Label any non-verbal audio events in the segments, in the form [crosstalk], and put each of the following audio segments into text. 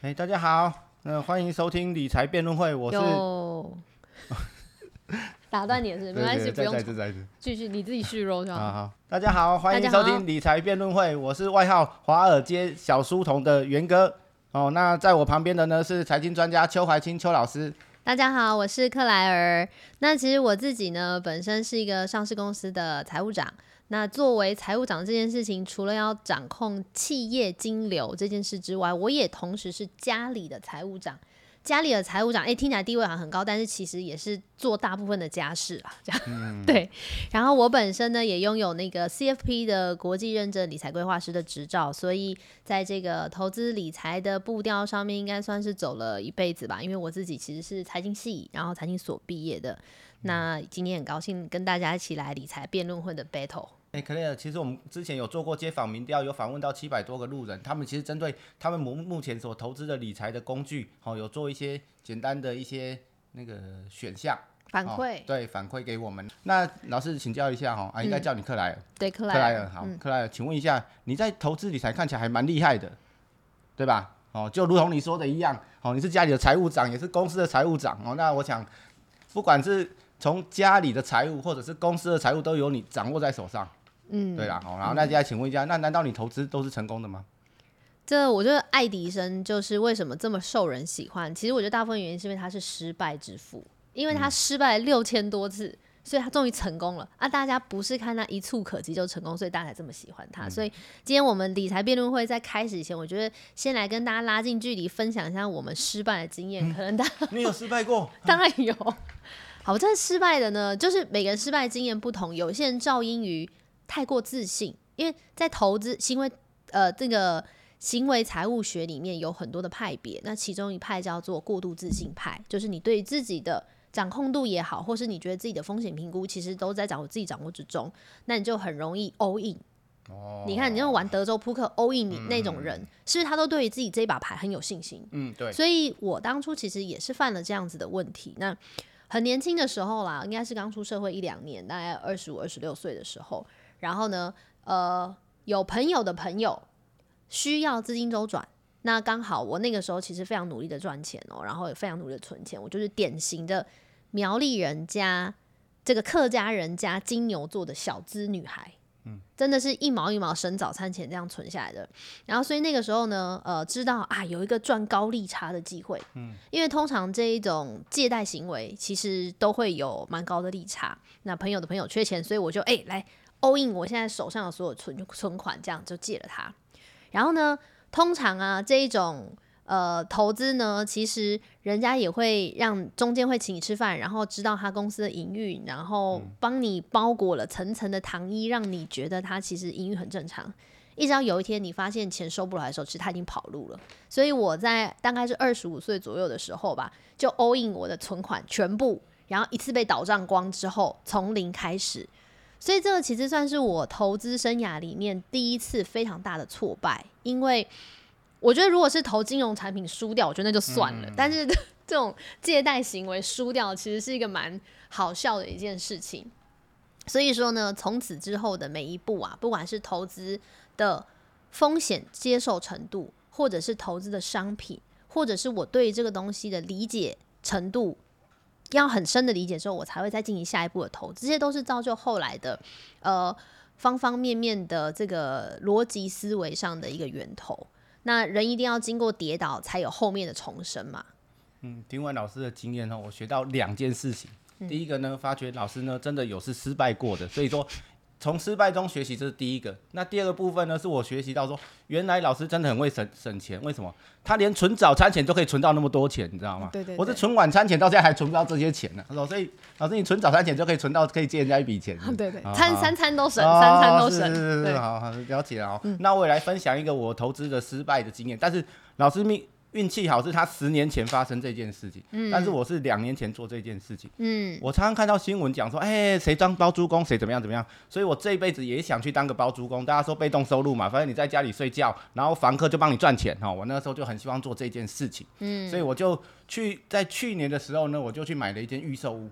哎、欸，大家好，那、呃、歡迎收聽理財辯論會，我是 Yo. [laughs] 打斷你的是沒關係，對對對對不用，再再次再次繼續你自己續肉就 [laughs] 好。好，大家好，歡迎收聽理財辯論會，我是外號華爾街小書童的元哥。哦，那在我旁邊的呢是財經專家邱懷清邱老師。大家好，我是克萊爾。那其實我自己呢，本身是一個上市公司的財務長。那作為財務長這件事情，除了要掌控企業金流這件事之外，我也同時是家裡的財務長。家裡的財務長，哎、欸，聽起來地位好像很高，但是其實也是做大部分的家事啊，這樣、嗯、對。然後我本身呢，也擁有那個 CFP 的國際認證理財規劃師的執照，所以在這個投資理財的步調上面，應該算是走了一輩子吧。因為我自己其實是財經系，然後財經所畢業的。那今天很高興跟大家一起來理財辯論會的 battle。哎，克萊爾，Claire, 其實我們之前有做過街訪民調，有訪問到七百多個路人，他們其實針對他們目目前所投資的理財的工具，哦，有做一些簡單的一些那個選項反饋，哦，對，反饋給我們。那老師請教一下哈，啊，應該叫你克萊爾，嗯，對，克萊爾，好，嗯，克萊爾，請問一下，你在投資理財看起來還蠻厲害的，對吧？哦，就如同你說的一樣，哦，你是家裡的財務長，也是公司的財務長，哦，那我想，不管是從家裡的財務或者是公司的財務，都有你掌握在手上。嗯，對啦，好、哦，然後那接下來請問一下，嗯、那難道你投資都是成功的嗎？這我覺得愛迪生就是為什麼這麼受人喜歡？其實我覺得大部分原因是因為他是失敗之父，因為他失敗了六千多次，所以他終於成功了。嗯、啊，大家不是看他一蹴可及就成功，所以大家才這麼喜歡他。嗯、所以今天我們理財辯論會在開始前，我覺得先來跟大家拉近距離，分享一下我們失敗的經驗。嗯、可能大家呵呵你有失敗過？當然有。好，這失敗的呢，就是每個人失敗的經驗不同，有些人噪音於。太過自信，因為在投資行為，呃，這個行為財務學裡面有很多的派別，那其中一派叫做過度自信派，就是你對自己的掌控度也好，或是你覺得自己的風險評估其實都在掌握自己掌握之中，那你就很容易 all in。Oh, 你看，你要玩德州撲克 all in 你，嗯，那種人，是不是他都對於自己這一把牌很有信心？嗯，對。所以我當初其實也是犯了這樣子的問題，那很年輕的時候啦，應該是剛出社會一兩年，大概二十五、二十六歲的時候。然後呢，呃，有朋友的朋友需要資金周轉，那剛好我那個時候其實非常努力的賺錢哦，然後也非常努力的存錢，我就是典型的苗栗人家，這個客家人家、金牛座的小資女孩，嗯，真的是一毛一毛省早餐錢這樣存下來的。然後，所以那個時候呢，呃，知道啊有一個賺高利差的機會，嗯，因為通常這一種借貸行為其實都會有蠻高的利差。那朋友的朋友缺錢，所以我就哎、欸、來。all in，我現在手上的所有存存款，這樣就借了他。然後呢，通常啊，這一種呃投資呢，其實人家也會讓中間會請你吃飯，然後知道他公司的營運，然後幫你包裹了層層的糖衣，讓你覺得他其實營運很正常。一直到有一天你發現錢收不來的時候，其實他已經跑路了。所以我在大概是二十五歲左右的時候吧，就 all in 我的存款全部，然後一次被倒賬光之後，從零開始。所以這個其實算是我投資生涯裡面第一次非常大的挫敗，因為我覺得如果是投金融產品輸掉，我覺得那就算了。嗯嗯嗯。但是這種借貸行為輸掉，其實是一個蠻好笑的一件事情。所以說呢，從此之後的每一步啊，不管是投資的風險接受程度，或者是投資的商品，或者是我對這個東西的理解程度。要很深的理解之後，我才會再進行下一步的投資。這些都是造就後來的，呃，方方面面的這個邏輯思維上的一個源頭。那人一定要經過跌倒，才有後面的重生嘛。嗯，聽完老師的經驗後，我學到兩件事情。嗯。第一個呢，發覺老師呢真的有是失敗過的，所以說。從失敗中學習，這是第一個。那第二個部分呢？是我學習到說，原來老師真的很會省省錢。為什麼？他連存早餐錢都可以存到那麼多錢，你知道嗎？對，對對。我是存晚餐錢，到現在還存不到這些錢呢。他說，所以老師你存早餐錢就可以存到，可以借人家一筆錢。對，對對，好好好餐三餐都省，三、哦、餐、餐都省。對是、哦、是，好好了解哦。嗯、那我也來分享一個我投資的失敗的經驗，但是老師運氣好是，他十年前發生這件事情，嗯，但是我是兩年前做這件事情，嗯，我常常看到新聞講說，哎、欸，誰當包租公，誰怎麼樣怎麼樣，所以我這一輩子也想去當個包租公。大家說被動收入嘛，反正你在家裡睡覺，然後房客就幫你賺錢哈。我那個時候就很希望做這件事情，嗯，所以我就去在去年的時候呢，我就去買了一間預售屋，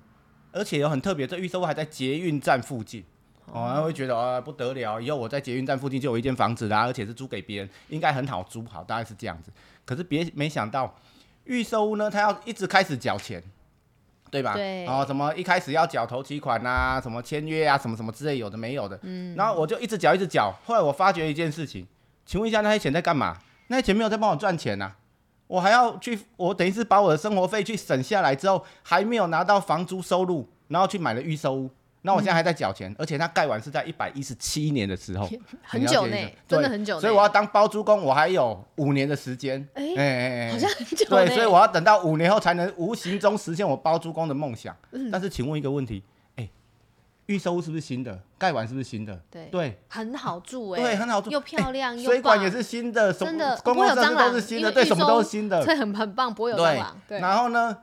而且有很特別，這預售屋還在捷運站附近，哦、嗯啊，會覺得啊不得了，以後我在捷運站附近就有一間房子啦、啊，而且是租給別人，應該很好租，好，大概是這樣子。可是別沒想到，預售屋呢，他要一直開始繳錢，對吧？對。然後、哦、什麼一開始要繳頭期款啊，什麼簽約啊，什麼什麼之類，有的沒有的。嗯。然後我就一直繳，一直繳。後來我發覺一件事情，請問一下那些錢在幹嘛？那些錢沒有在幫我賺錢吶、啊，我還要去，我等於是把我的生活費去省下來之後，還沒有拿到房租收入，然後去買了預售屋。那我現在還在繳錢，而且它蓋完是在一百一十七年的時候，很久呢，真的很久。所以我要當包租公，我還有五年的時間，哎哎哎，好像很久。對，所以我要等到五年後才能無形中實現我包租公的夢想。但是，請問一個問題，哎，預售是不是新的？蓋完是不是新的？對，很好住哎，對，很好住，又漂亮，水管也是新的，真的，公共設施都是新的，對，什麼都是新的，很很棒，不會有蟑螂。對，然後呢？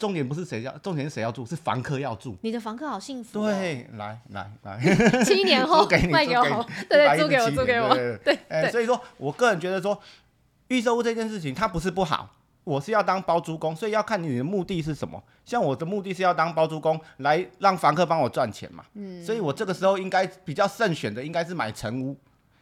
重點不是誰要，重點是誰要住，是房客要住。你的房客好幸福、哦。對，來來來，來 [laughs] 七年後賣給我，對對，對，租給我，租給我，對。哎、欸，所以說我個人覺得說，預售屋這件事情它不是不好，我是要當包租公，所以要看你的目的是什麼。像我的目的是要當包租公，來讓房客幫我賺錢嘛。嗯，所以我這個時候應該比較慎選的應該是買成屋。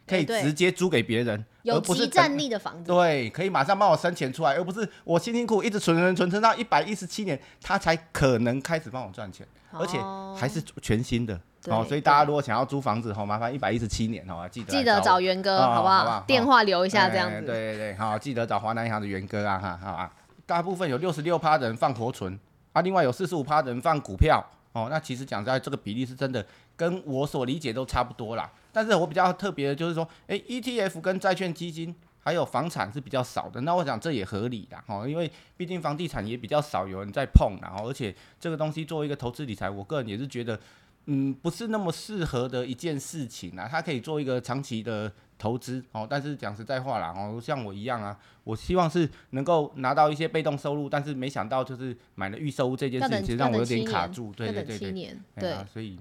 可以直接租給別人，有即戰力的房子。對，可以馬上幫我生錢出來，而不是我辛辛苦苦一直存存存，存到一百一十七年，他才可能開始幫我賺錢，哦、而且還是全新的。對哦，所以大家如果想要租房子，好、哦，麻煩一百一十七年，吼、哦，記得記得找元哥，哦、好不好？哦、電話留一下，這樣子、欸。對對對，好、哦，記得找華南銀行的元哥啊！哈，好、啊、大部分有六十六趴的人放活存，啊，另外有四十五趴的人放股票，哦，那其實講實在，這個比例是真的。跟我所理解都差不多啦，但是我比較特別的就是說，誒、欸、ETF 跟債券基金還有房產是比較少的，那我想這也合理的哦，因為畢竟房地產也比較少有人在碰，然、哦、後而且這個東西作為一個投資理財，我個人也是覺得，嗯，不是那麼適合的一件事情啊。它可以做一個長期的投資哦，但是講實在話啦，哦，像我一樣啊，我希望是能夠拿到一些被動收入，但是沒想到就是買了預售這件事情，等其實讓我有點卡住，對對對，對，所以對。對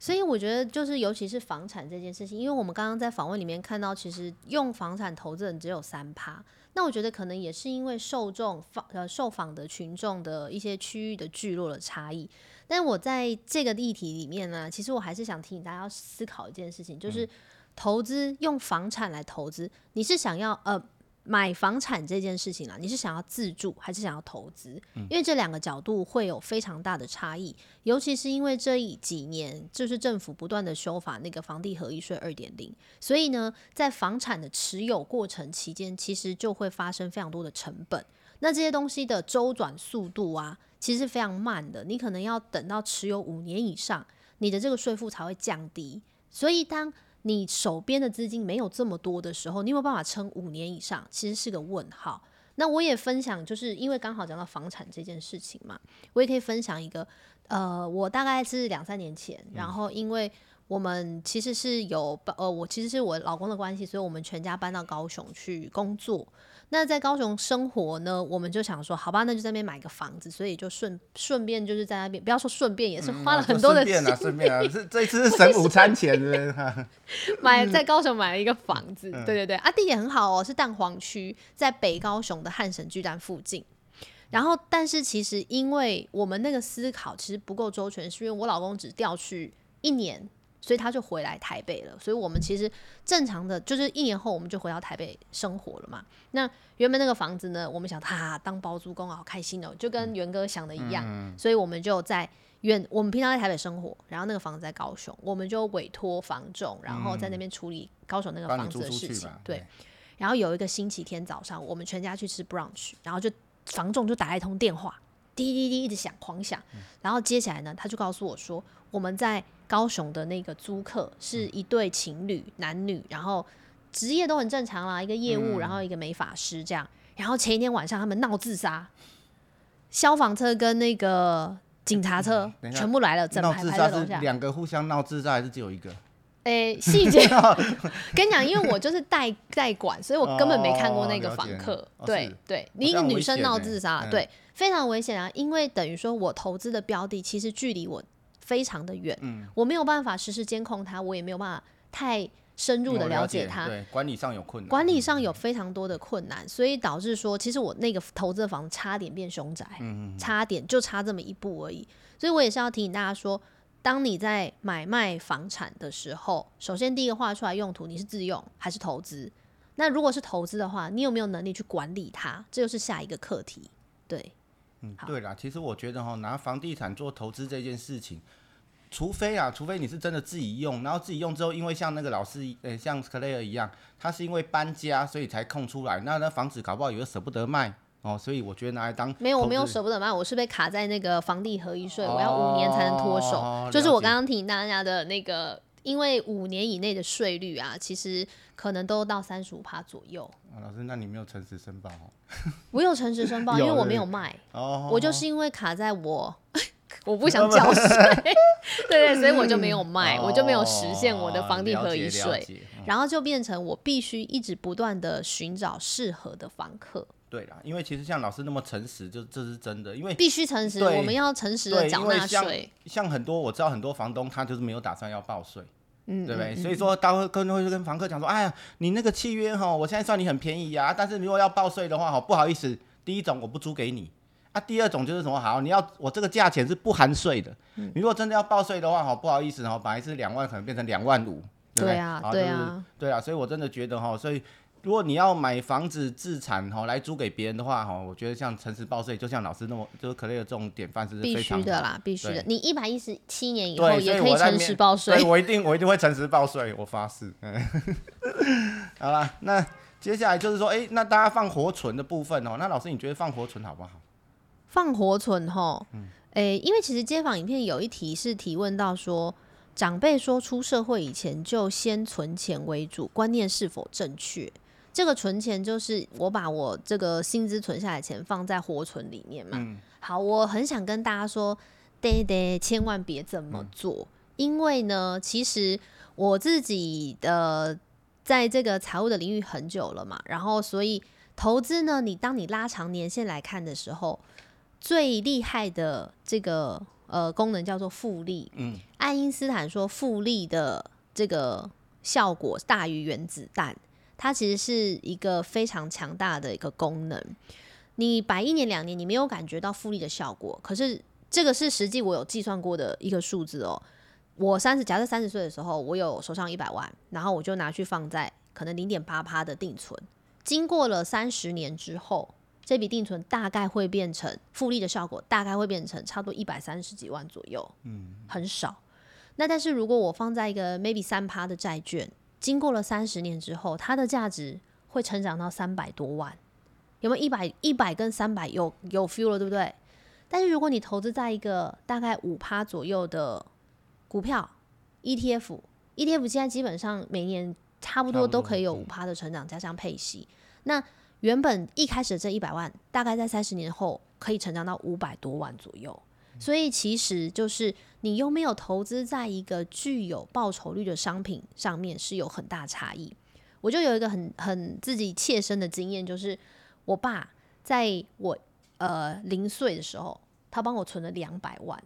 所以我覺得就是，尤其是房產這件事情，因為我們剛剛在訪問裡面看到，其實用房產投資人只有三趴。那我覺得可能也是因為受眾訪呃受訪的群眾的一些區域的聚落的差異。但我在這個議題裡面呢，其實我還是想提醒大家要思考一件事情，就是投資用房產來投資，你是想要呃。買房產這件事情啊，你是想要自住還是想要投資？因為這兩個角度會有非常大的差異，尤其是因為這幾年就是政府不斷的修法那個房地合一稅二點零，所以呢，在房產的持有過程期間，其實就會發生非常多的成本。那這些東西的周轉速度啊，其實是非常慢的，你可能要等到持有五年以上，你的這個稅負才會降低。所以當你手邊的資金沒有這麼多的時候，你有沒有辦法撐五年以上？其實是個問號。那我也分享，就是因為剛好講到房產這件事情嘛，我也可以分享一個。呃，我大概是兩三年前，然後因為我們其實是有呃，我其實是我老公的關係，所以我們全家搬到高雄去工作。那在高雄生活呢，我們就想說，好吧，那就在那邊買一個房子，所以就順順便就是在那邊，不要說順便也是花了很多的錢。順、嗯嗯啊、便啊，順、 [laughs] 啊、這次是省午餐錢的。是是買在高雄買了一個房子，嗯、對對對，啊，地點很好哦，是蛋黃區，在北高雄的漢神巨蛋附近。然後，但是其實因為我們那個思考其實不夠周全，是因為我老公只調去一年。所以他就回來台北了，所以我們其實正常的，就是一年後我們就回到台北生活了嘛。那原本那個房子呢，我們想，他、啊、當包租公好開心哦、喔，就跟源哥想的一樣。嗯、所以，我們就在遠，我們平常在台北生活，然後那個房子在高雄，我們就委託房仲，然後在那邊處理高雄那個房子的事情。對。然後有一個星期天早上，我們全家去吃 brunch，然後就房仲就打一通電話，滴滴滴一直響，狂響。然後接下來呢，他就告訴我說，我們在。高雄的那個租客是一對情侶，男女，嗯、然後職業都很正常啦，一個業務，嗯、然後一個美髮師這樣。然後前一天晚上他們鬧自殺，消防車跟那個警察車全部來了，整排排在樓下。兩個互相鬧自殺還是只有一個？哎、欸，細節， [laughs] [laughs] 跟你講，因為我就是代代管，所以我根本沒看過那個房客。對、哦哦、對，你一個女生鬧自殺，嗯、對，非常危險啊，因為等於說我投資的標的其實距離我。非常的遠，嗯、我沒有辦法實時監控它，我也沒有辦法太深入的了解它。嗯、我了解，對，管理上有困難，管理上有非常多的困難，嗯、所以導致說，其實我那個投資的房子差點變凶宅，嗯哼哼，差點就差這麼一步而已。所以我也是要提醒大家說，當你在買賣房產的時候，首先第一個畫出來用途，你是自用還是投資？那如果是投資的話，你有沒有能力去管理它？這就是下一個課題。對，嗯，對啦，好其實我覺得哈，拿房地產做投資這件事情。除非啊，除非你是真的自己用，然後自己用之後，因為像那個老師，呃，像 Claire 一樣，他是因為搬家所以才空出來，那那房子搞不好也舍不得賣哦，所以我覺得拿來當投資沒有，我沒有舍不得賣，我是被卡在那個房地合一稅，哦、我要五年才能脫手，哦、就是我剛剛提醒大家的那個，因為五年以內的稅率啊，其實可能都到三十五趴左右、哦。老師，那你沒有誠實申報哦？我有誠實申報， [laughs] 了因為我沒有賣，哦、我就是因為卡在我。哦 [laughs] 我不想交稅，對，所以我就沒有賣，哦、我就沒有實現我的房地合一稅，哦嗯、然後就變成我必須一直不斷的尋找適合的房客。對啦，因為其實像老師那麼誠實，就這是真的，因為必須誠實，對我們要誠實的繳納稅。像很多我知道很多房東他就是沒有打算要報稅，嗯，對不對？嗯嗯、所以說，他會跟會跟房客講說：“哎呀，你那個契約哈，我現在算你很便宜呀、啊，但是如果要報稅的話哈，不好意思，第一種我不租給你。”啊，第二種就是什麼？好，你要我這個價錢是不含稅的。嗯、你如果真的要報稅的話，哈，不好意思，哦，本來是兩萬，可能變成兩萬五，對啊，就是，對？啊，對啊，所以我真的覺得哈，所以如果你要買房子資產哈來租給別人的話哈，我覺得像誠實報稅，就像老師那麼，就是克萊兒這種典範是不是非常好，必須的啦，必須的。對你一百一十七年以後對也可以誠實報稅，我一定我一定會誠實報稅，我發誓。嗯， [laughs] 好了，那接下來就是說，誒、欸，那大家放活存的部分哦，那老師你覺得放活存好不好？放活存吼，誒、嗯欸，因為其實街訪影片有一題是提問到說，長輩說出社會以前就先存錢為主，觀念是否正確？這個存錢就是我把我這個薪資存下來的錢放在活存裡面嘛。嗯、好，我很想跟大家說，得得，千萬別這麼做，嗯、因為呢，其實我自己的在這個財務的領域很久了嘛，然後所以投資呢，你當你拉長年限來看的時候。最厲害的這個呃功能叫做複利。嗯，愛因斯坦說複利的這個效果大於原子彈，它其實是一個非常強大的一個功能。你擺一年兩年，你沒有感覺到複利的效果，可是這個是實際我有計算過的一個數字哦。我三十，假設三十歲的時候，我有手上一百萬，然後我就拿去放在可能零點八趴的定存，經過了三十年之後。這筆定存大概會變成複利的效果，大概會變成差不多一百三十幾萬左右。嗯，很少。那但是如果我放在一個 maybe 三趴的債券，經過了三十年之後，它的價值會成長到三百多萬，有沒有一百一百跟三百有，有 feel 了，對不對？但是如果你投資在一個大概五趴左右的股票 ETF，ETF ETF 現在基本上每年差不多都可以有五趴的成長，加上配息，那。原本一開始這一百萬，大概在三十年後可以成長到五百多萬左右，所以其實就是你有沒有投資在一個具有報酬率的商品上面是有很大差異。我就有一個很很自己切身的經驗，就是我爸在我呃零歲的時候，他幫我存了兩百萬，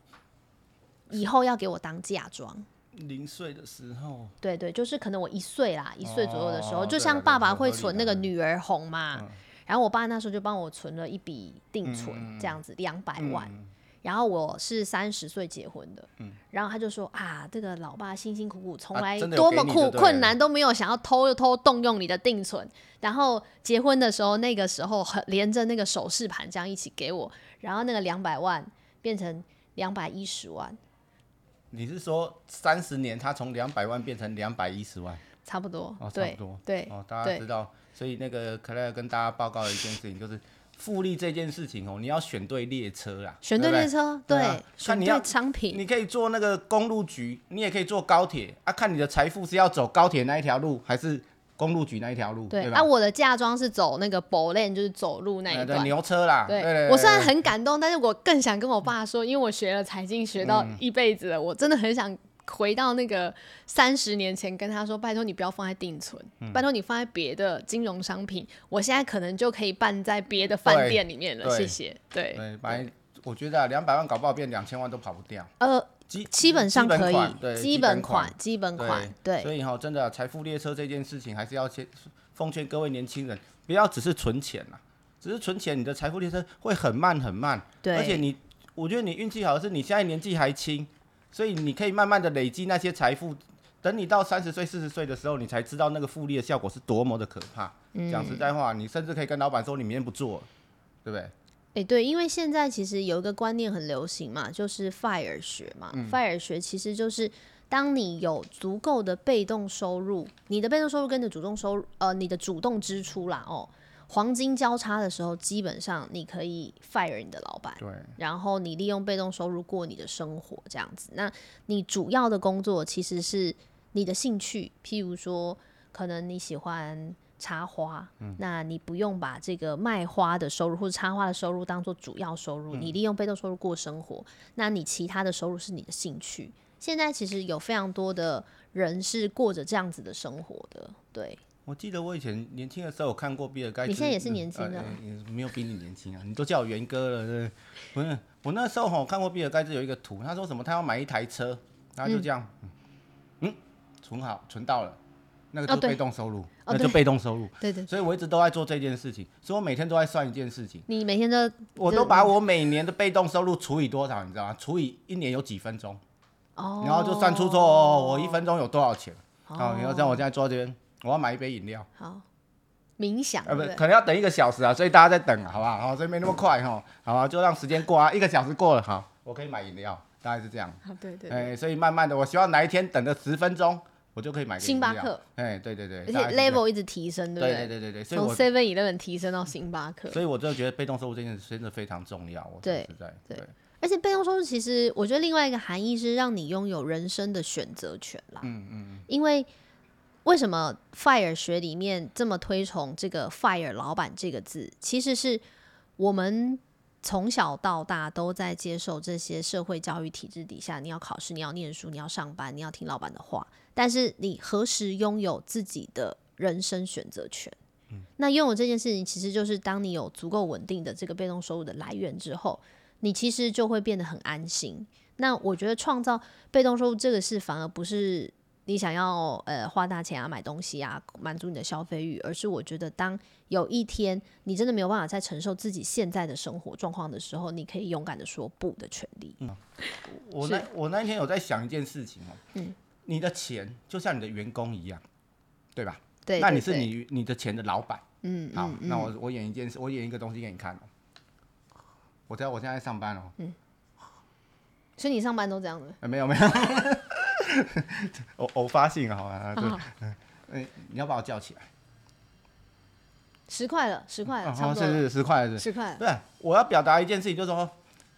以後要給我當嫁妝。零歲的時候，對對，就是可能我一歲啦，一歲左右的時候，哦、就像爸爸會存那個女兒紅嘛，嗯嗯、然後我爸那時候就幫我存了一筆定存，這樣子、嗯嗯、兩百萬，嗯、然後我是三十歲結婚的，嗯、然後他就說啊，這個老爸辛辛苦苦從來多麼苦、啊、有困難都沒有想要偷偷動用你的定存，然後結婚的時候那個時候連着那個首飾盤這樣一起給我，然後那個兩百萬變成兩百一十萬。你是說三十年，他從兩百萬變成兩百一十萬，差不多，哦，差不多，對，對哦，大家知道，對所以那個克萊兒跟大家報告的一件事情就是複利這件事情哦， [laughs] 你要選對列車啦，選對列車，對，對，選對、啊、看你要，你可以坐那個公路局，你也可以坐高鐵啊，看你的財富是要走高鐵那一條路還是。公路局那一條路，對，那吧、啊、我的嫁妝是走那個步 lane，就是走路那一條、呃、對，牛車啦。對，對對對對，我雖然很感動，但是我更想跟我爸說，嗯、因為我學了財經，學到一輩子了，我真的很想回到那個三十年前，跟他說，嗯、拜托你不要放在定存，嗯、拜托你放在別的金融商品，我現在可能就可以辦在別的飯店裡面了。對謝謝。對。對，反正我覺得啊，兩百萬搞不好變兩千萬都跑不掉。呃。基基本上可以，對，基本款，基本款，對。所以哈，真的、啊，財富列車這件事情，還是要先奉勸各位年輕人，不要只是存錢啦，只是存錢，你的財富列車會很慢很慢。對。而且你，我覺得你運氣好是，你現在年紀還輕，所以你可以慢慢的累積那些財富，等你到三十歲、四十歲的時候，你才知道那個複利的效果是多麼的可怕。講、嗯、實在話，你甚至可以跟老闆說你明天不做，對不對？誒，欸、對，因為現在其實有一個觀念很流行嘛，就是 fire 學嘛。嗯、fire 學其實就是，當你有足夠的被動收入，你的被動收入跟你的主動收入，呃，你的主動支出啦哦，黃金交叉的時候，基本上你可以 fire 你的老板，對，然後你利用被動收入過你的生活這樣子。那你主要的工作其實是你的興趣，譬如說，可能你喜歡。插花，嗯、那你不用把這個賣花的收入或者插花的收入當做主要收入，你利用被動收入過生活。嗯、那你其他的收入是你的興趣。現在其實有非常多的人是過着這樣子的生活的。對，我記得我以前年輕的時候有看過比爾蓋茨，你現在也是年輕的，嗯呃、沒有比你年輕啊，你都叫我元哥了。對，不是，我那時候哈看過比爾蓋茨有一個圖，他說什麼他要買一台車，他就這樣，嗯，嗯，存好，存到了。那個就被動收入，那就被動收入。所以我一直都在做這件事情，所以我每天都在算一件事情。你每天都，我都把我每年的被動收入除以多少，你知道嗎？除以一年有幾分鐘，然後就算出說我一分鐘有多少錢。好，然後像我現在坐這邊，我要買一杯飲料。好，冥想。啊，不，可能要等一個小時啊，所以大家在等，好不好，所以沒那麼快哈。好啊，就讓時間過啊，一個小時過了，好，我可以買飲料。大概是這樣。好，對對。所以慢慢的，我希望哪一天等個十分鐘。我就可以買星巴克，哎，對對對，而且 level 一直提升，對不對，對，對？對對，從 seven eleven 提升到星巴克，所以我真的覺得被動收入這件事真的非常重要。我說實在對對，對對，而且被動收入其實我覺得另外一個含義是讓你擁有人生的選擇權啦。嗯嗯嗯，因為為什麼 fire 學裡面這麼推崇這個 fire 老闆這個字，其實是我們。從小到大都在接受這些社會教育體制底下，你要考試，你要念書，你要上班，你要聽老板的話。但是你何時擁有自己的人生選擇權？嗯，那擁有這件事情其實就是當你有足夠穩定的這個被動收入的來源之後，你其實就會變得很安心。那我覺得創造被動收入這個事反而不是。你想要呃花大錢啊買東西啊滿足你的消費欲，而是我覺得當有一天你真的沒有辦法再承受自己現在的生活狀況的時候，你可以勇敢的說不的權利。嗯，我那是我那天有在想一件事情哦、喔，嗯，你的錢就像你的員工一樣，對吧？對,對,對。那你是你你的錢的老板，嗯,嗯,嗯，好，那我我演一件事，我演一個東西給你看、喔、我知道我現在,在上班哦、喔，嗯，所以你上班都這樣子、欸？沒有沒有。 [laughs] 偶偶 [laughs] 發性啊，對啊好吧，哎、欸，你要把我叫起來。十塊了，十塊了，哦哦差不多了是是,是十塊是十塊。對，我要表達一件事情，就是說，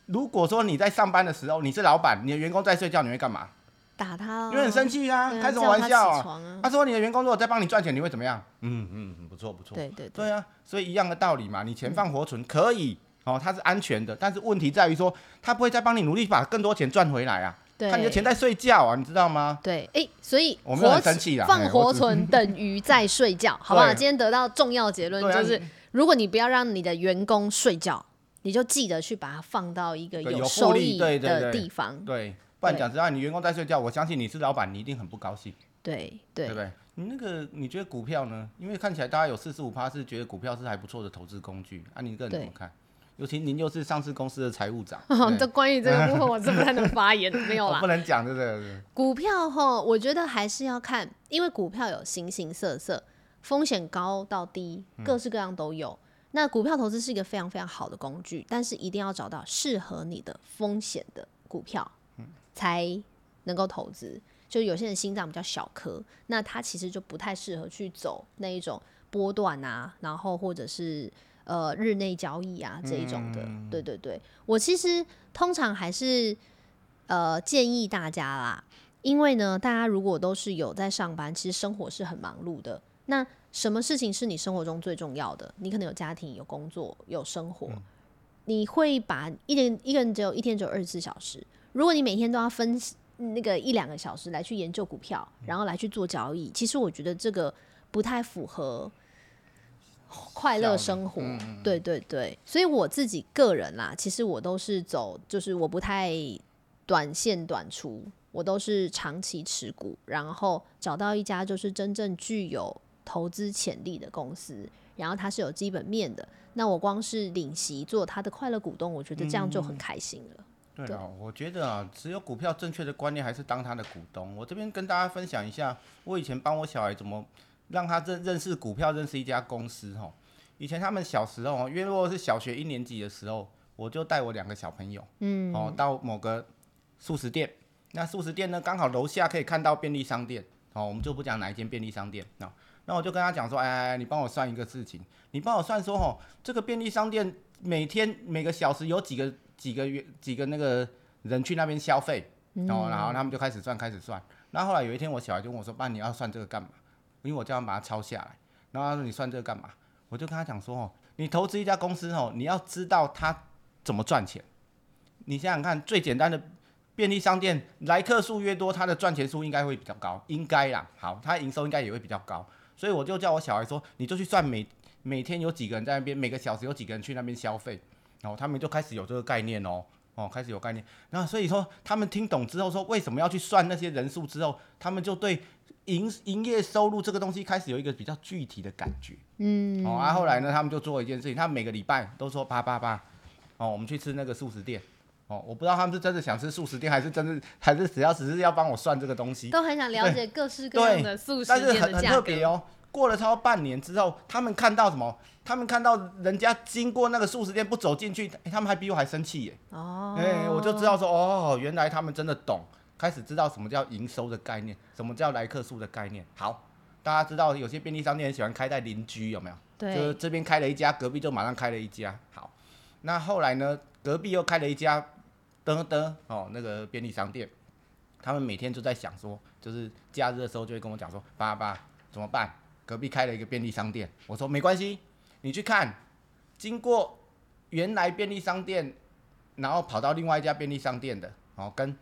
如果說你在上班的時候你是老板，你的員工在睡覺，你會幹嘛？打他、哦，因為很生氣啊，啊開什麼玩笑啊？他,啊他說你的員工如果在幫你賺錢，你會怎麼樣？嗯嗯，不錯不錯，對對對,對啊，所以一樣的道理嘛，你錢放活存可以哦，它是安全的，但是問題在於說，他不會再幫你努力把更多錢賺回來啊。對看你的錢在睡覺啊，你知道嗎？對，哎、欸，所以我沒有很生氣啦，活放活存等於在睡覺，欸、 [laughs] 對好吧？今天得到重要結論就是，啊、如果你不要讓你的員工睡覺，你就記得去把它放到一個有收益的地方。對，對，不然講實話，你員工在睡覺，我相信你是老板，你一定很不高興。對對，對，對，對你那個你覺得股票呢？因為看起來大家有四十五趴是覺得股票是還不錯的投資工具，按、啊、你個人怎麼看？尤其您又是上市公司的財務長，對哦、這關於這個部分我是不太能發言。 [laughs] 沒有啦，不能講這個。對對，股票吼，我覺得還是要看，因為股票有形形色色，風險高到低，各式各樣都有。嗯、那股票投資是一個非常非常好的工具，但是一定要找到適合你的風險的股票，嗯、才能夠投資。就有些人心臟比較小顆，那他其實就不太適合去走那一種波段啊，然後或者是。呃，日內交易啊這一種的，嗯、對對對，我其實通常還是呃建議大家啦，因為呢，大家如果都是有在上班，其實生活是很忙碌的。那什麼事情是你生活中最重要的？你可能有家庭、有工作、有生活，嗯、你會把一天一個人只有一天只有二十四小時，如果你每天都要分那個一兩個小時來去研究股票，嗯、然後來去做交易，其實我覺得這個不太符合。快樂生活，嗯、對對對，所以我自己個人啦，其實我都是走，就是我不太短線短出，我都是長期持股，然後找到一家就是真正具有投資潛力的公司，然後它是有基本面的，那我光是領息做它的快樂股東，我覺得這樣就很開心了。嗯、對啊，對我覺得啊，持有股票正確的觀念還是當他的股東。我這邊跟大家分享一下，我以前幫我小孩怎麼。讓他認認識股票，認識一家公司。吼，以前他們小時候，因為我是小學一年級的時候，我就帶我兩個小朋友，嗯，哦，到某個素食店，那素食店呢，剛好樓下可以看到便利商店，哦，我們就不講哪一間便利商店。那，那我就跟他講說，哎、欸，你幫我算一個事情，你幫我算說，吼，這個便利商店每天每個小時有幾個幾個月幾個那個人去那邊消費，哦，然後他們就開始算，開始算。那後，後來有一天，我小孩就問我說，爸，你要算這個幹嘛？因為我叫他把它抄下來，然後他說你算這個幹嘛？我就跟他講說哦，你投資一家公司哦，你要知道他怎麼賺錢。你想想看，最簡單的便利商店，來客數越多，他的賺錢數應該會比較高，應該啦。好，他營收應該也會比較高。所以我就叫我小孩說，你就去算每每天有幾個人在那邊，每個小時有幾個人去那邊消費，然後他們就開始有這個概念哦哦，開始有概念。那所以說他們聽懂之後說為什麼要去算那些人數之後，他們就對。營營業收入這個東西開始有一個比較具體的感覺，嗯，哦，啊、後來呢，他們就做一件事情，他們每個禮拜都說八八八，哦，我們去吃那個素食店，哦，我不知道他們是真的想吃素食店，還是真的，還是只要只是要幫我算這個東西，都很想了解各式各樣的素食店，但是很，很特別哦，過了超過半年之後，他們看到什麼？他們看到人家經過那個素食店不走進去，欸，他們還比我還生氣耶，哦，誒、欸，我就知道說，哦，原來他們真的懂。開始知道什麼叫營收的概念，什麼叫來客數的概念。好，大家知道有些便利商店很喜歡開在鄰居，有沒有？對。就是這邊開了一家，隔壁就馬上開了一家。好，那後來呢，隔壁又開了一家，噔噔噔，哦，那個便利商店，他們每天就在想說，就是假日的時候就會跟我講說，爸爸怎麼辦？隔壁開了一個便利商店，我說沒關係，你去看，經過原來便利商店，然後跑到另外一家便利商店的，哦，跟。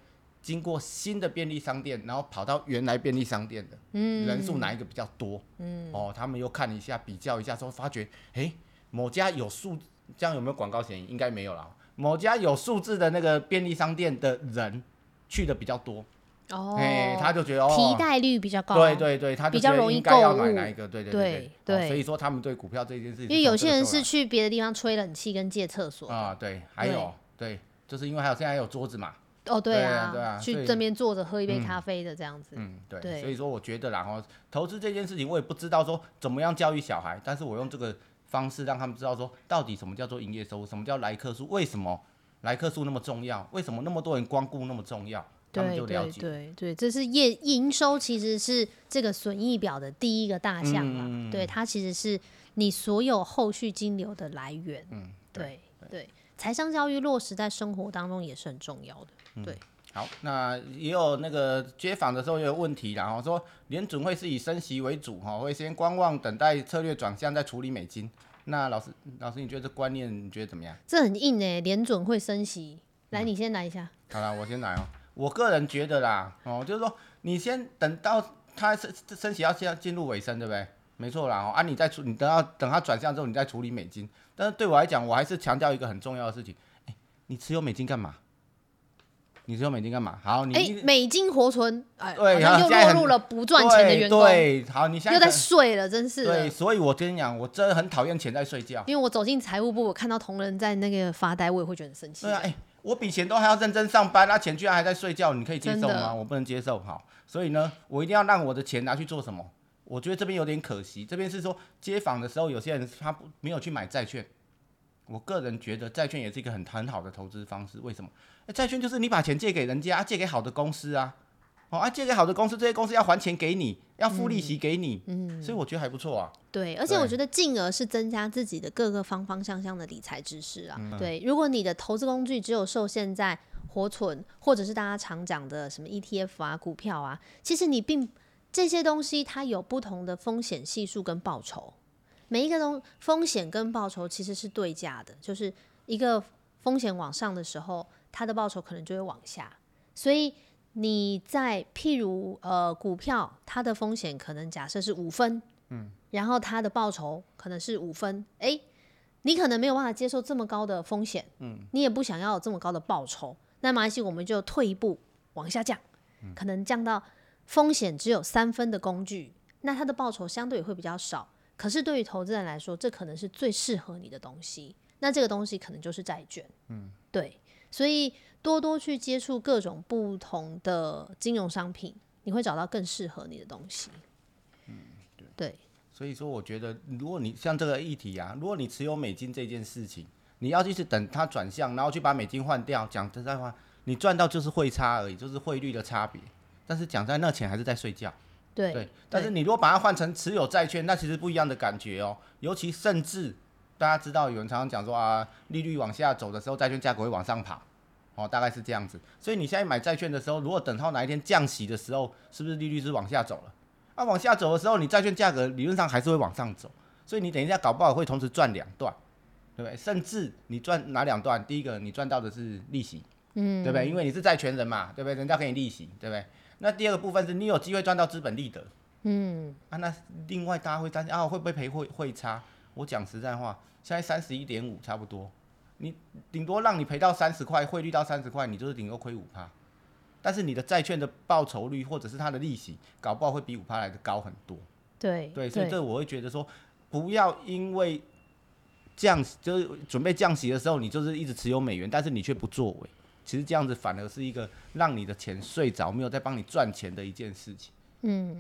經過新的便利商店，然後跑到原來便利商店的，嗯，人數哪一個比較多？嗯，哦，他們又看一下，比較一下，說發覺，哎，某家有數，這樣有沒有廣告嫌疑？應該沒有了。某家有數字的那個便利商店的人去的比較多，哦，他就覺得哦，提袋率比較高，對對對，他比較容易購物，哪一個？對對對對，所以說他們對股票這件事情，因為有些人是去別的地方吹冷氣跟借廁所啊，對，還有對，就是因為還有現在還有桌子嘛。哦，對啊，去這邊坐着喝一杯咖啡的這樣子。嗯，嗯，對。對，所以說，我覺得啦吼，投資這件事情，我也不知道說怎麼樣教育小孩，但是我用這個方式讓他們知道說，到底什麼叫做營業收入，什麼叫來客數，為什麼來客數那麼重要，為什麼那麼多人光顧那麼重要。對對對對，這是業營收其實是這個損益表的第一個大項了，嗯、對它其實是你所有後續金流的來源。嗯，對對，對對，財商教育落實在生活當中也是很重要的。對、嗯，好，那也有那個接訪的時候也有問題啦，然後說聯準會是以升息為主哈，會先觀望等待策略轉向再處理美金。那老師，老師你覺得這觀念你覺得怎麼樣？這很硬哎、欸，聯準會升息，來、嗯、你先來一下。好了，我先來哦、喔。我個人覺得啦，哦、喔，就是說你先等到它升升息要先進入尾聲，對不對？沒錯啦、喔，哦，啊你，你再處你等到等它轉向之後，你再處理美金。但是對我來講，我還是強調一個很重要的事情，哎、欸，你持有美金幹嘛？你說美金幹嘛？好，你、欸、美金活存，哎，對，然後又落入了不賺錢的員工。對，好，你現在又在睡了，真是。對，所以我跟你講，我真的很討厭錢在睡覺。因為我走進財務部，我看到同仁在那個發呆，我也會覺得生氣。對啊，哎、欸，我比錢都還要認真上班，那、啊、錢居然還在睡覺，你可以接受嗎？的我不能接受，好，所以呢，我一定要讓我的錢拿去做什麼？我覺得這邊有點可惜，這邊是說街訪的時候，有些人他不沒有去買債券。我個人覺得債券也是一個很很好的投資方式，為什麼？債券就是你把錢借給人家，啊、借給好的公司啊，哦啊，借給好的公司，這些公司要還錢給你，要付利息給你，嗯，所以我覺得還不錯啊。對，對而且我覺得進而是增加自己的各個方方向向的理財知識啊。嗯、對，如果你的投資工具只有受限在活存或者是大家常講的什麼 ETF 啊、股票啊，其實你並這些東西它有不同的風險係數跟報酬，每一個東風險跟報酬其實是對價的，就是一個風險往上的時候，它的報酬可能就會往下，所以你在譬如呃股票，它的風險可能假設是五分，嗯，然後它的報酬可能是五分，誒，你可能沒有辦法接受這麼高的風險，嗯，你也不想要有這麼高的報酬，那馬來西亞我們就退一步往下降，嗯、可能降到風險只有三分的工具，那它的報酬相對會比較少，可是對於投資人來說，這可能是最適合你的東西，那這個東西可能就是債券，嗯，對。所以多多去接觸各種不同的金融商品，你會找到更適合你的東西。嗯，對。所以說我覺得，如果你像這個議題啊，如果你持有美金這件事情，你要一直等它轉向，然後去把美金換掉。講實在話，你賺到就是匯差而已，就是匯率的差別。但是講在那錢還是在睡覺。對。對，但是你如果把它換成持有債券，那其實不一樣的感覺哦，尤其甚至。大家知道，有人常常講說啊，利率往下走的時候，債券價格會往上跑。哦，大概是這樣子。所以你現在買債券的時候，如果等到哪一天降息的時候，是不是利率是往下走了？啊，往下走的時候，你債券價格理論上還是會往上走。所以你等一下，搞不好會同時賺兩段，對不對？甚至你賺哪兩段？第一個，你賺到的是利息，嗯，對不對？因為你是債權人嘛，對不對？人家給你利息，對不對？那第二個部分是你有機會賺到資本利得，嗯，啊，那另外大家會擔心啊，會不會賠會會差？我講實在話，現在三十一點五差不多，你頂多讓你賠到三十塊，匯率到三十塊，你就是頂多虧五趴。但是你的債券的報酬率，或者是它的利息，搞不好會比五趴來的高很多。對對，所以這我會覺得說，對不要因為降就是準備降息的時候，你就是一直持有美元，但是你卻不作為。其實這樣子反而是一個讓你的錢睡着，沒有在幫你賺錢的一件事情。嗯，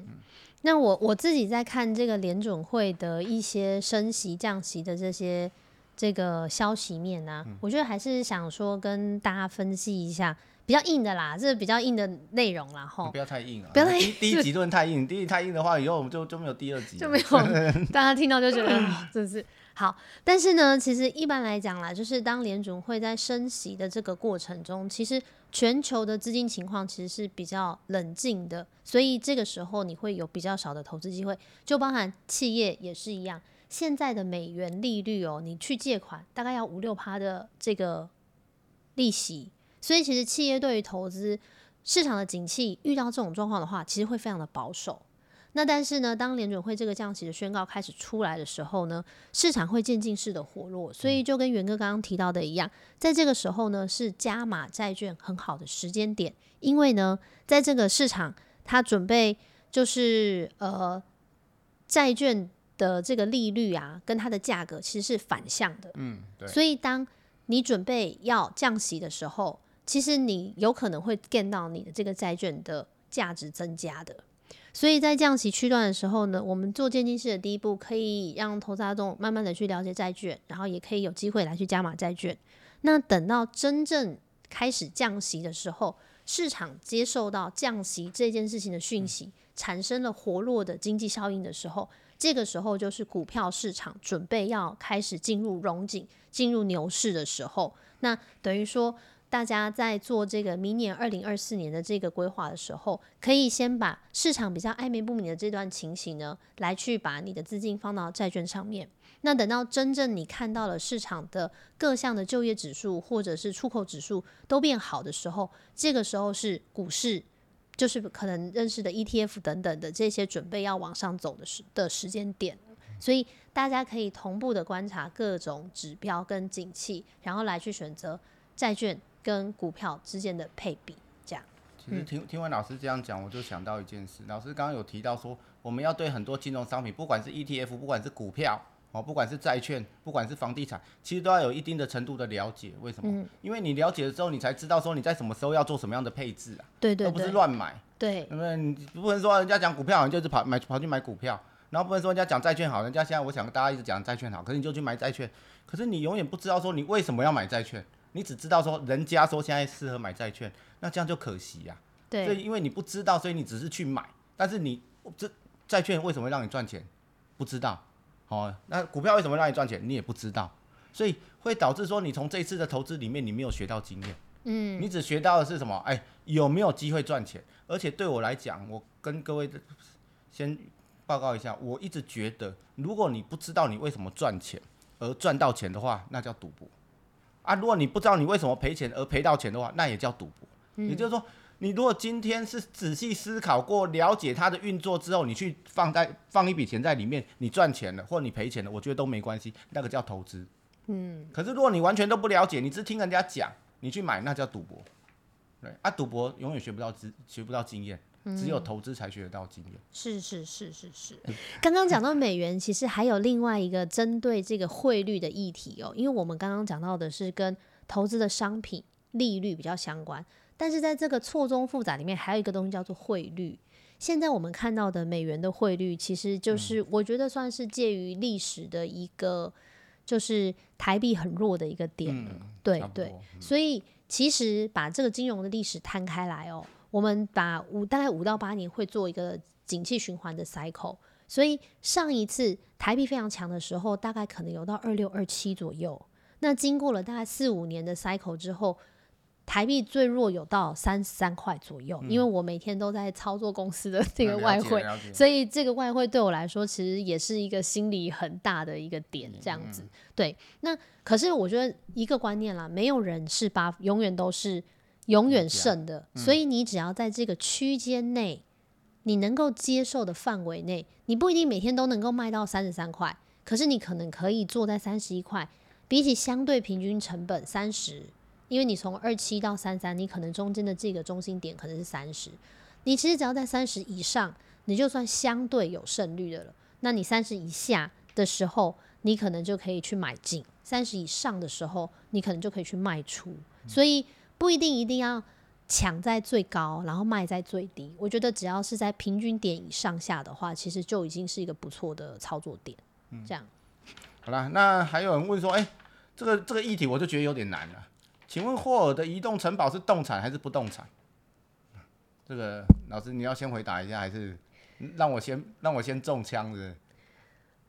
那我我自己在看這個聯準會的一些升息降息的這些這個消息面呢、啊，嗯、我覺得還是想說跟大家分析一下比較硬的啦，這個、比較硬的內容啦，吼，不要太硬啊，不要太硬第一是第一集論太硬，第一集太硬的話，以後我們就就沒有第二集，就沒有， [laughs] 大家聽到就覺得真 [laughs] 是。好，但是呢，其實一般來講啦，就是當聯準會在升息的這個過程中，其實全球的資金情況其實是比較冷靜的，所以這個時候你會有比較少的投資機會，就包含企業也是一樣。現在的美元利率哦，你去借款大概要五六趴的這個利息，所以其實企業對於投資市場的景氣遇到這種狀況的話，其實會非常的保守。那但是呢，當聯準會這個降息的宣告開始出來的時候呢，市場會漸進式的活絡，所以就跟元哥剛剛提到的一樣，在這個時候呢，是加碼債券很好的時間點，因為呢，在這個市場，它準備就是呃，債券的這個利率啊，跟它的價格其實是反向的，嗯，對。所以當你準備要降息的時候，其實你有可能會 gain 到你的這個債券的價值增加的。所以在降息區段的時候呢，我們做漸進式的第一步，可以讓投資大眾慢慢的去了解債券，然後也可以有機會來去加碼債券。那等到真正開始降息的時候，市場接受到降息這件事情的訊息，產生了活絡的經濟效應的時候，這個時候就是股票市場準備要開始進入榮景、進入牛市的時候。那等於說。大家在做這個明年二零二四年的這個規劃的時候，可以先把市場比較曖昧不明的這段情形呢，來去把你的資金放到債券上面。那等到真正你看到了市場的各項的就業指數或者是出口指數都變好的時候，這個時候是股市，就是可能認識的 ETF 等等的這些準備要往上走的時的時間點。所以大家可以同步的觀察各種指標跟景氣，然後來去選擇債券。跟股票之間的配比，這樣。其實聽聽完老師這樣講，我就想到一件事。嗯、老師剛剛有提到說，我們要對很多金融商品，不管是 ETF，不管是股票，哦，不管是債券，不管是房地產，其實都要有一定的程度的了解。為什麼？嗯、因為你了解了之後，你才知道說你在什麼時候要做什麼樣的配置啊？對，對對。而不是亂買。對。對不對？你不能說人家講股票好，你就是跑買跑去買股票，然後不能說人家講債券好，人家現在我想大家一直講債券好，可是你就去買債券，可是你永遠不知道說你為什麼要買債券。你只知道說人家說現在適合買債券，那這樣就可惜呀、啊。對，所以因為你不知道，所以你只是去買。但是你這債券為什麼會讓你賺錢？不知道。好、哦，那股票為什麼讓你賺錢？你也不知道。所以會導致說你從這一次的投資裡面，你沒有學到經驗。嗯，你只學到的是什麼？哎、欸，有沒有機會賺錢？而且對我來講，我跟各位的先報告一下，我一直覺得，如果你不知道你為什麼賺錢而賺到錢的話，那叫賭博。啊，如果你不知道你為什麼賠錢而賠到錢的話，那也叫賭博。嗯，也就是說，你如果今天是仔細思考過、了解它的運作之後，你去放在放一筆錢在裡面，你賺錢了或者你賠錢了，我覺得都沒關係，那個叫投資。嗯，可是如果你完全都不了解，你只聽人家講，你去買，那叫賭博。對啊，賭博永遠學不到知學不到經驗。只有投資才學得到經驗。嗯，是是是是是。剛剛講到美元，其實還有另外一個針對這個匯率的議題哦、喔。因為我們剛剛講到的是跟投資的商品利率比較相關，但是在這個錯綜複雜裡面，還有一個東西叫做匯率。現在我們看到的美元的匯率，其實就是我覺得算是介於歷史的一個，就是台幣很弱的一個點了。對、嗯嗯、對，所以其實把這個金融的歷史攤開來哦、喔。我們把五大概五到八年會做一個景氣循環的 cycle，所以上一次台幣非常強的時候，大概可能有到二六二七左右。那經過了大概四五年的 cycle 之後，台幣最弱有到三十三塊左右。嗯、因為我每天都在操作公司的這個外匯，嗯、所以這個外匯對我來說其實也是一個心理很大的一個點。這樣子，嗯、對。那可是我覺得一個觀念啦，沒有人是把永遠都是。永遠勝的，yeah, 所以你只要在這個區間內，嗯、你能夠接受的範圍內，你不一定每天都能夠賣到三十三塊，可是你可能可以做在三十一塊，比起相對平均成本三十，因為你從二七到三三，你可能中間的這個中心點可能是三十，你其實只要在三十以上，你就算相對有勝率的了。那你三十以下的時候，你可能就可以去買進；三十以上的時候，你可能就可以去賣出。嗯、所以。不一定一定要搶在最高，然後賣在最低。我覺得只要是在平均點以上下的話，其實就已經是一個不錯的操作點。嗯、這樣，好了，那還有人問說：“誒、欸，這個這個議題，我就覺得有點難了、啊。請問霍爾的移動城堡是動產還是不動產？”這個老師，你要先回答一下，還是讓我先讓我先中槍是不是？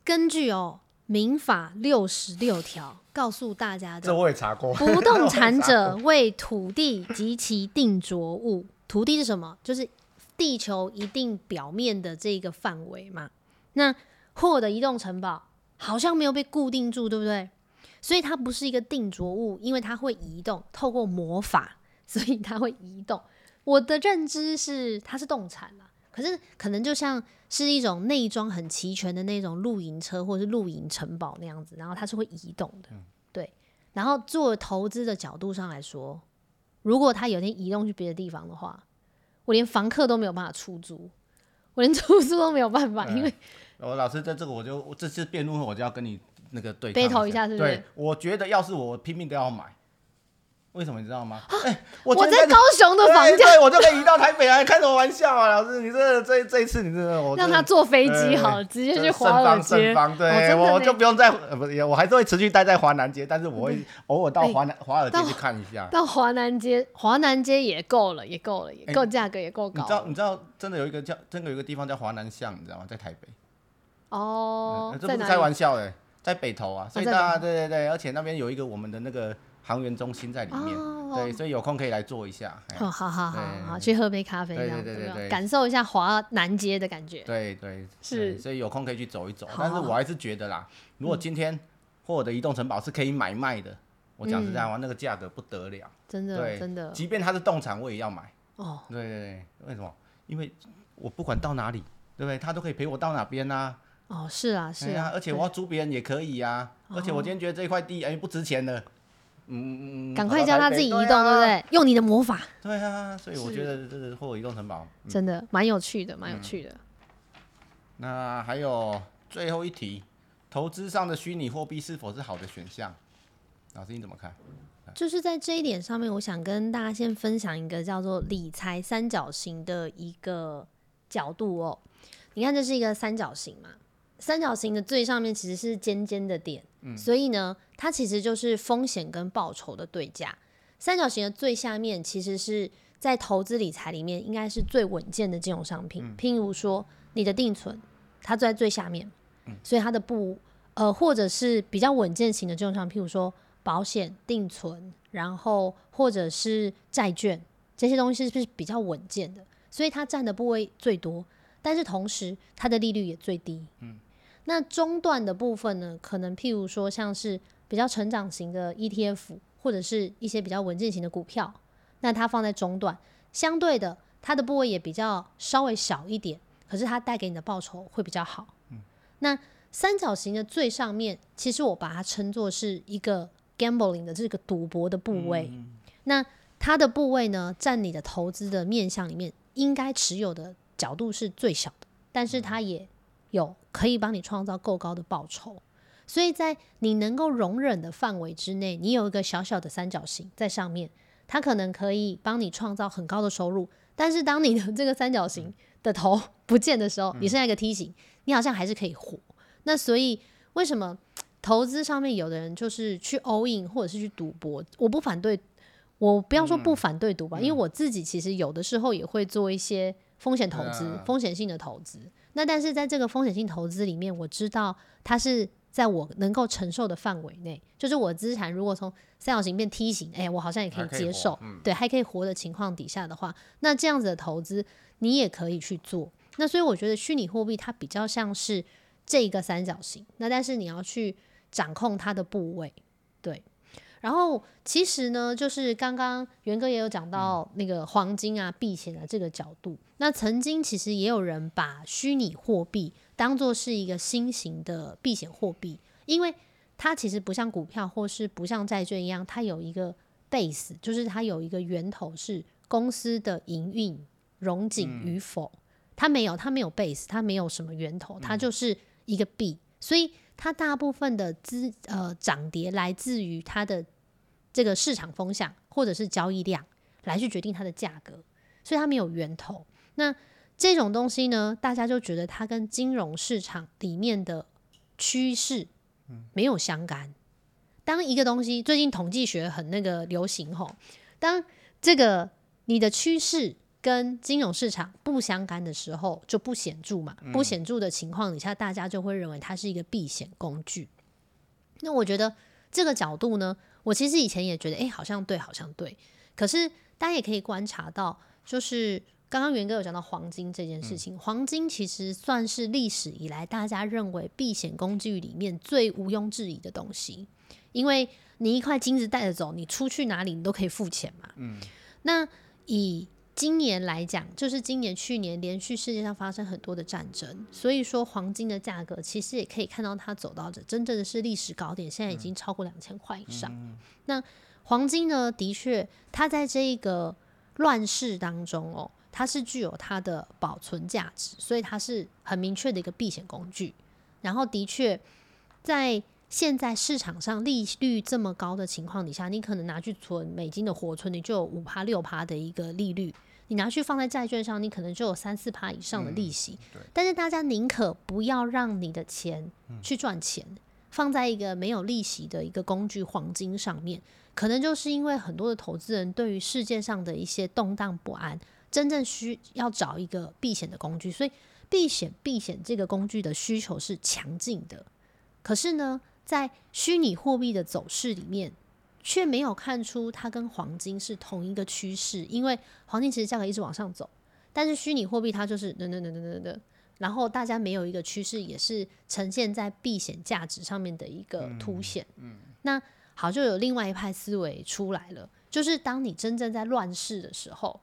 根據哦、喔。民法六十六條告訴大家的，這我也查過。不動產者為土地及其定着物，土地是什麼？就是地球一定表面的這個範圍嘛。那霍爾的移動城堡好像沒有被固定住，對不對？所以它不是一個定着物，因為它會移動，透過魔法，所以它會移動。我的認知是，它是動產嘛。可是可能就像是一種內裝很齊全的那種露營車，或者是露營城堡那樣子，然後它是會移動的，對。然後做投資的角度上來說，如果它有天移動去別的地方的話，我連房客都沒有辦法出租，我連出租都沒有辦法，因為、呃、我老師在這個我，我就這次辯論我就要跟你那個對背投一下，是不是？對，我覺得要是我拼命都要買。為什麼你知道嗎？我在高雄的房價，對，我就可以移到台北來。開什麼玩笑啊？老師，你這這這一次，你真的，我讓他坐飛機好了，直接去華爾街。勝，對，我就不用在，不是，我還是會持續待在華南街，但是我會偶爾到華南華爾街去看一下。到華南街，華南街也夠了，也夠了，也夠價格也夠高。你知道，你知道，真的有一個叫，真的有一個地方叫華南巷，你知道嗎？在台北。哦，這不是開玩笑哎，在北投啊，所以大家對對對，而且那邊有一個我們的那個，航源中心在裡面，對，所以有空可以來坐一下。哦，好好好，去喝杯咖啡，對對對，感受一下華南街的感覺。對對，是，所以有空可以去走一走。但是我還是覺得啦，如果今天我的移動城堡是可以買賣的，我講實在話，那個價格不得了，真的，真的。即便它是動產，我也要買。哦，對對對，為什麼？因為我不管到哪裡，對不對？他都可以陪我到哪邊啊？哦，是啊，是啊。而且我要租別人也可以呀。而且我今天覺得這塊地，哎，不值錢了。嗯嗯趕快教他自己移動，北對不對？對啊、用你的魔法。對啊，所以我覺得這個霍爾移動城堡，是嗯、真的蠻有趣的，蠻有趣的、嗯。那還有最後一題，投資上的虛擬貨幣是否是好的選項？老師你怎麼看？就是在這一點上面，我想跟大家先分享一個叫做理財三角形的一個角度哦。你看，這是一個三角形嘛？三角形的最上面其實是尖尖的點，嗯、所以呢，它其實就是風險跟報酬的對價。三角形的最下面其實是在投資理財裡面應該是最穩健的金融商品，嗯、譬如說你的定存，它在最下面，嗯、所以它的不呃或者是比較穩健型的金融商品，譬如說保險、定存，然後或者是債券這些東西是不是比較穩健的？所以它占的部位最多，但是同時它的利率也最低，嗯那中段的部分呢，可能譬如說像是比較成長型的 ETF，或者是一些比較穩健型的股票，那它放在中段，相對的它的部位也比較稍微小一點，可是它帶給你的報酬會比較好。嗯。那三角形的最上面，其實我把它稱作是一個 gambling 的這個賭博的部位。嗯。那它的部位呢，佔你的投資的面向裡面應該持有的角度是最小的，但是它也有可以幫你創造夠高的報酬，所以在你能夠容忍的範圍之內，你有一個小小的三角形在上面，它可能可以幫你創造很高的收入。但是當你的這個三角形的頭不見的時候，你剩下一個梯形，你好像還是可以活。嗯、那所以為什麼投資上面有的人就是去 all in 或者是去賭博？我不反對，我不要說不反對賭博，嗯、因為我自己其實有的時候也會做一些風險投資、Yeah. 風險性的投資。那但是在這個風險性投資裡面，我知道它是在我能夠承受的範圍內，就是我資產如果從三角形變梯形，哎、欸，我好像也可以接受，嗯、對，還可以活的情況底下的話，那這樣子的投資你也可以去做。那所以我覺得虛擬貨幣它比較像是這個三角形，那但是你要去掌控它的部位，對。然後其實呢，就是剛剛元哥也有講到那個黃金啊、避險啊這個角度。那曾經其實也有人把虛擬貨幣當作是一個新型的避險貨幣，因為它其實不像股票或是不像債券一樣，它有一個 base，就是它有一個源頭是公司的營運榮景與否，它沒有，它沒有 base，它沒有什麼源頭，它就是一個幣，所以它大部分的資呃漲跌來自於它的這個市場風向或者是交易量來去決定它的價格，所以它沒有源頭。那這種東西呢，大家就覺得它跟金融市場裡面的趨勢沒有相干。當一個東西最近統計學很那個流行吼，當這個你的趨勢跟金融市場不相干的時候，就不顯著嘛。嗯、不顯著的情況底下，大家就會認為它是一個避險工具。那我覺得這個角度呢，我其實以前也覺得，哎、欸，好像對，好像對。可是大家也可以觀察到，就是。剛剛元哥有講到黃金這件事情，嗯、黃金其實算是歷史以來大家認為避險工具裡面最毋庸置疑的東西，因為你一塊金子帶着走，你出去哪裡你都可以付錢嘛。嗯、那以今年來講，就是今年去年連續世界上發生很多的戰爭，所以說黃金的價格其實也可以看到它走到這真正的是歷史高點，現在已經超過兩千塊以上。嗯、嗯嗯，那黃金呢，的確它在這一個亂世當中哦。它是具有它的保存價值，所以它是很明確的一個避險工具。然後，的確，在現在市場上利率這麼高的情況底下，你可能拿去存美金的活存，你就有五趴六趴的一個利率；你拿去放在債券上，你可能就有三四趴以上的利息。嗯、但是，大家寧可不要讓你的錢去賺錢，嗯、放在一個沒有利息的一個工具——黃金上面，可能就是因為很多的投資人對於世界上的一些動盪不安。真正需要找一個避險的工具，所以避險避險這個工具的需求是強勁的。可是呢，在虛擬貨幣的走勢裡面，卻沒有看出它跟黃金是同一個趨勢，因為黃金其實價格一直往上走，但是虛擬貨幣它就是噔噔噔噔噔的。然後大家沒有一個趨勢，也是呈現在避險價值上面的一個凸顯。嗯。嗯，那好，就有另外一派思維出來了，就是當你真正在亂世的時候。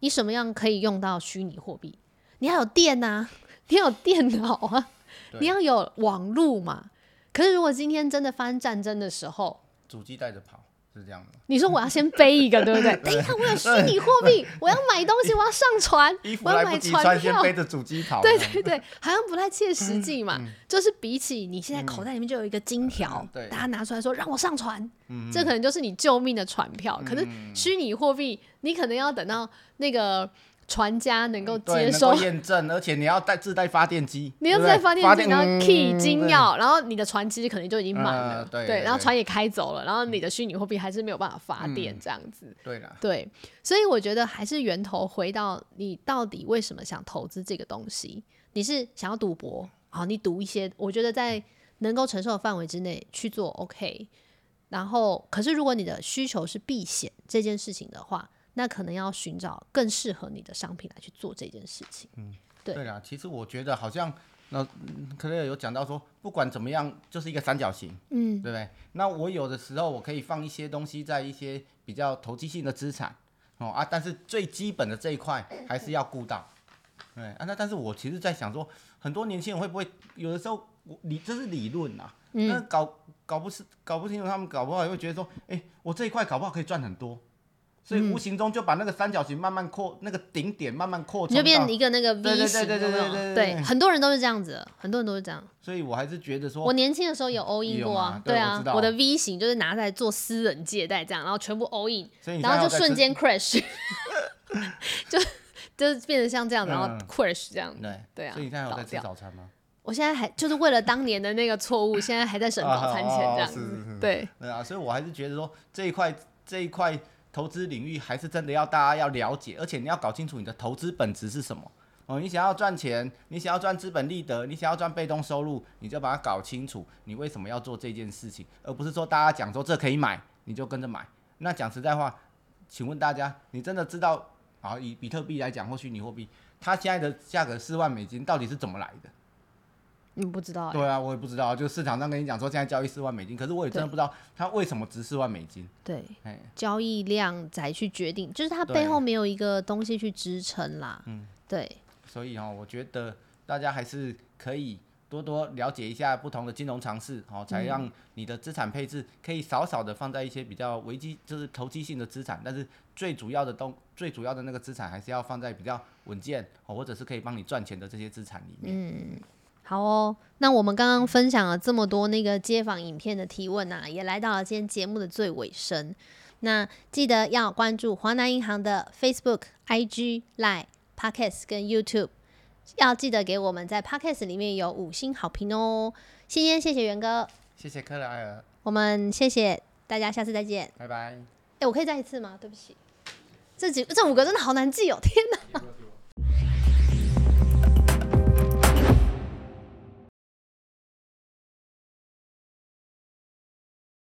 你什麼樣可以用到虛擬貨幣？你要有電啊，你要有電腦啊，對你要有網路嘛。可是如果今天真的發生戰爭的時候，主機帶着跑。是這樣的，你說我要先背一個，對不對？等一下，我有虛擬貨幣，我要買東西，我要上船，我要買船票，先背着主機跑，對對對，好像不太切實際嘛。就是比起你現在口袋裡面就有一個金條，對，大家拿出來說讓我上船，這可能就是你救命的船票。可是虛擬貨幣，你可能要等到那個。船家能夠接受、嗯、能夠驗證， [laughs] 而且你要帶自帶發電機，你要自帶發電機，然後 key、嗯、金鑰要，然後你的船其實可能就已經滿了，呃、對，對，對，然後船也開走了，嗯、然後你的虛擬貨幣還是沒有辦法發電、嗯、這樣子，對啦對，所以我覺得還是源頭回到你到底為什麼想投資這個東西，你是想要賭博，好，你賭一些，我覺得在能夠承受的範圍之內去做 OK，然後可是如果你的需求是避險這件事情的話，那可能要尋找更適合你的商品來去做這件事情。嗯，對。啊，其實我覺得好像那克萊兒有講到說，不管怎麼樣，就是一個三角形，嗯，對不對？那我有的時候我可以放一些東西在一些比較投機性的資產哦啊，但是最基本的這一塊還是要顧到。嗯、對啊，那但是我其實在想說，很多年輕人會不會有的時候我理這是理論啊，那、嗯、搞搞不是搞不清楚，他們搞不好也會覺得說，哎、欸，我這一塊搞不好可以賺很多。所以無形中就把那個三角形慢慢擴，那個頂點慢慢擴你就變一個那個 V 型，對對對對對，很多人都是這樣子，很多人都是這樣。所以我還是覺得說，我年輕的時候有 all in 過啊，對啊，我的 V 型就是拿來做私人借貸這樣，然後全部 all in，然後就瞬間 crash，就就變成像這樣，然後 crash 這樣子，對對啊。所以你現在有在吃早餐嗎？我現在還就是為了當年的那個錯誤，現在還在省早餐錢這樣子，對對啊。所以我還是覺得說這一塊這一塊。投資領域還是真的要大家要了解，而且你要搞清楚你的投資本質是什麼。哦，你想要賺錢，你想要賺資本利得，你想要賺被動收入，你就把它搞清楚，你為什麼要做這件事情，而不是說大家講說這可以買，你就跟着買。那講實在話，請問大家，你真的知道啊？以比特幣來講或虛擬貨幣，它現在的價格四萬美金到底是怎麼來的？你、嗯、不知道啊，對啊，欸、我也不知道，就市場上跟你講說現在交易四萬美金，可是我也真的不知道它為什麼值四萬美金。對，哎、欸，交易量才去決定，就是它背後沒有一個東西去支撐啦。對對嗯，對。所以哦，我覺得大家還是可以多多了解一下不同的金融常識，好、哦，才讓你的資產配置可以少少的放在一些比較危機，就是投機性的資產，但是最主要的東，最主要的那個資產還是要放在比較穩健、哦，或者是可以幫你賺錢的這些資產裡面。嗯。好哦，那我們剛剛分享了這麼多那個街訪影片的提問吶、啊，也來到了今天節目的最尾聲。那記得要關注華南銀行的 Facebook、IG、LINE、Podcast 跟 YouTube，要記得給我們在 Podcast 裡面有五星好評哦。新煙，謝謝元哥，謝謝克萊兒，我們謝謝大家，下次再見，拜拜。哎，我可以再一次嗎？對不起，這幾這五個真的好難記哦，天哪。